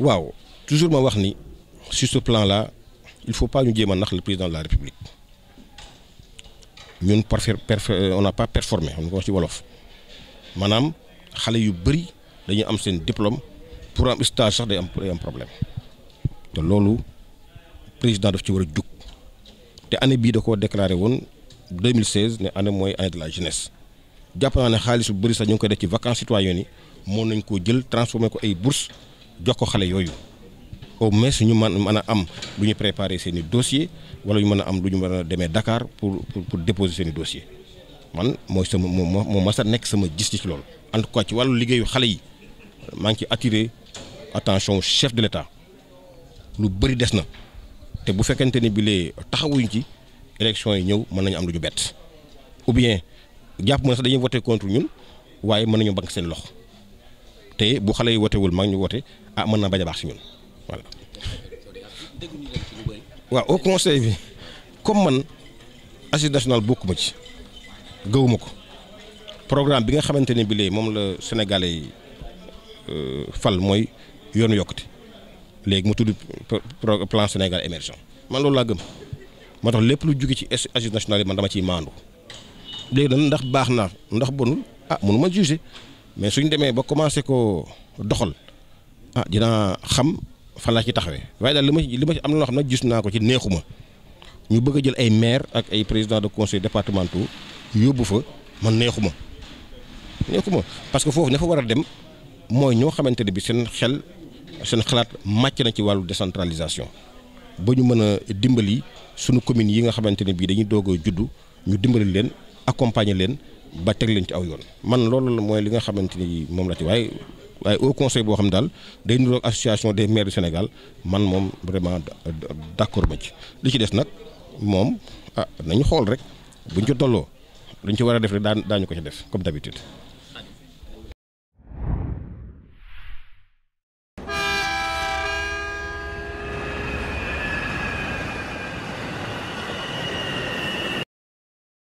waaw toujours ma wax ni sur ce plan là il faut pas ñu jéem a nax le président de la république ñun parfait euh, on n'a pas performé xam nga ko ci wolof maanaam xale yu bëri dañuy am seen diplôme pour am stage sax day am day problème te loolu président daf ci war a jug te année bii da ko déclaré woon 2016 ne année mooy anne de la jeunesse jàpp naa ne xaalis bu bëri sax ñu ngi koy def ci vacances citoyennes yi moo nañ koo jël transformé ko ay bourse jox ko xale yooyu au moins ñu man mën a am lu ñu préparer seen i dossier wala ñu mën a am lu ñu mën a demee dakaar pour pour déposer seen i dossier man mooy sama moom moo mas a nekk sama gis-gis ci loolu en tout cas ci wàllu liggéeyu xale yi maa ngi ci attirer attention chef de l'État lu bëri des na te bu fekkente ni bilee taxawuñ ci élection yi ñëw mën nañu am lu ñu bett ou bien jàpp na sax dañuy voter contre ñun waaye mën nañu bank seen loxo te bu xale yi wotewul mag ñu wote ah mën na bañ a baax si ñun voilà. waaw au conseil bi comme man assises nationales bokkuma ci gëwuma ko programme bi nga xamante ne bi léegi moom la Sénégalais yi euh, fal mooy yoonu yokkute léegi mu tudd plan Sénégal émergent man loolu laa gëm moo tax lépp lu jóge ci assises nationales yi man dama ciy maandu léegi nag ndax baax na ndax bonul ah mënu ma juger mais suñ demee ba commencé ko doxal ah dinaa xam fan laa ci taxawee waaye daal li ma ci li ma ci am na loo xam ne gis naa ko ci neexu ma ñu bëgg a jël ay maire ak ay président de conseil départementaux yóbbu fa man neexuma neexuma parce que foofu ña fa war a dem mooy ñoo xamante ne bi seen xel seen xalaat màcc na ci wàllu décentralisation ba ñu mën a dimbali sunu communes yi nga xamante ne bii dañuy doog a juddu ñu dimbali leen accompagner leen ba teg leen ci aw yoon man loolu mooy li nga xamante ni moom la ci waaye waaye au conseil boo xam ne daal day niroog association des maires du man moom vraiment d'accord ba ci li ci des nag moom ah nañu xool rek bu buñ ci tolloo luñ ci war a def rek daan daañu ko ci def comme d'habitude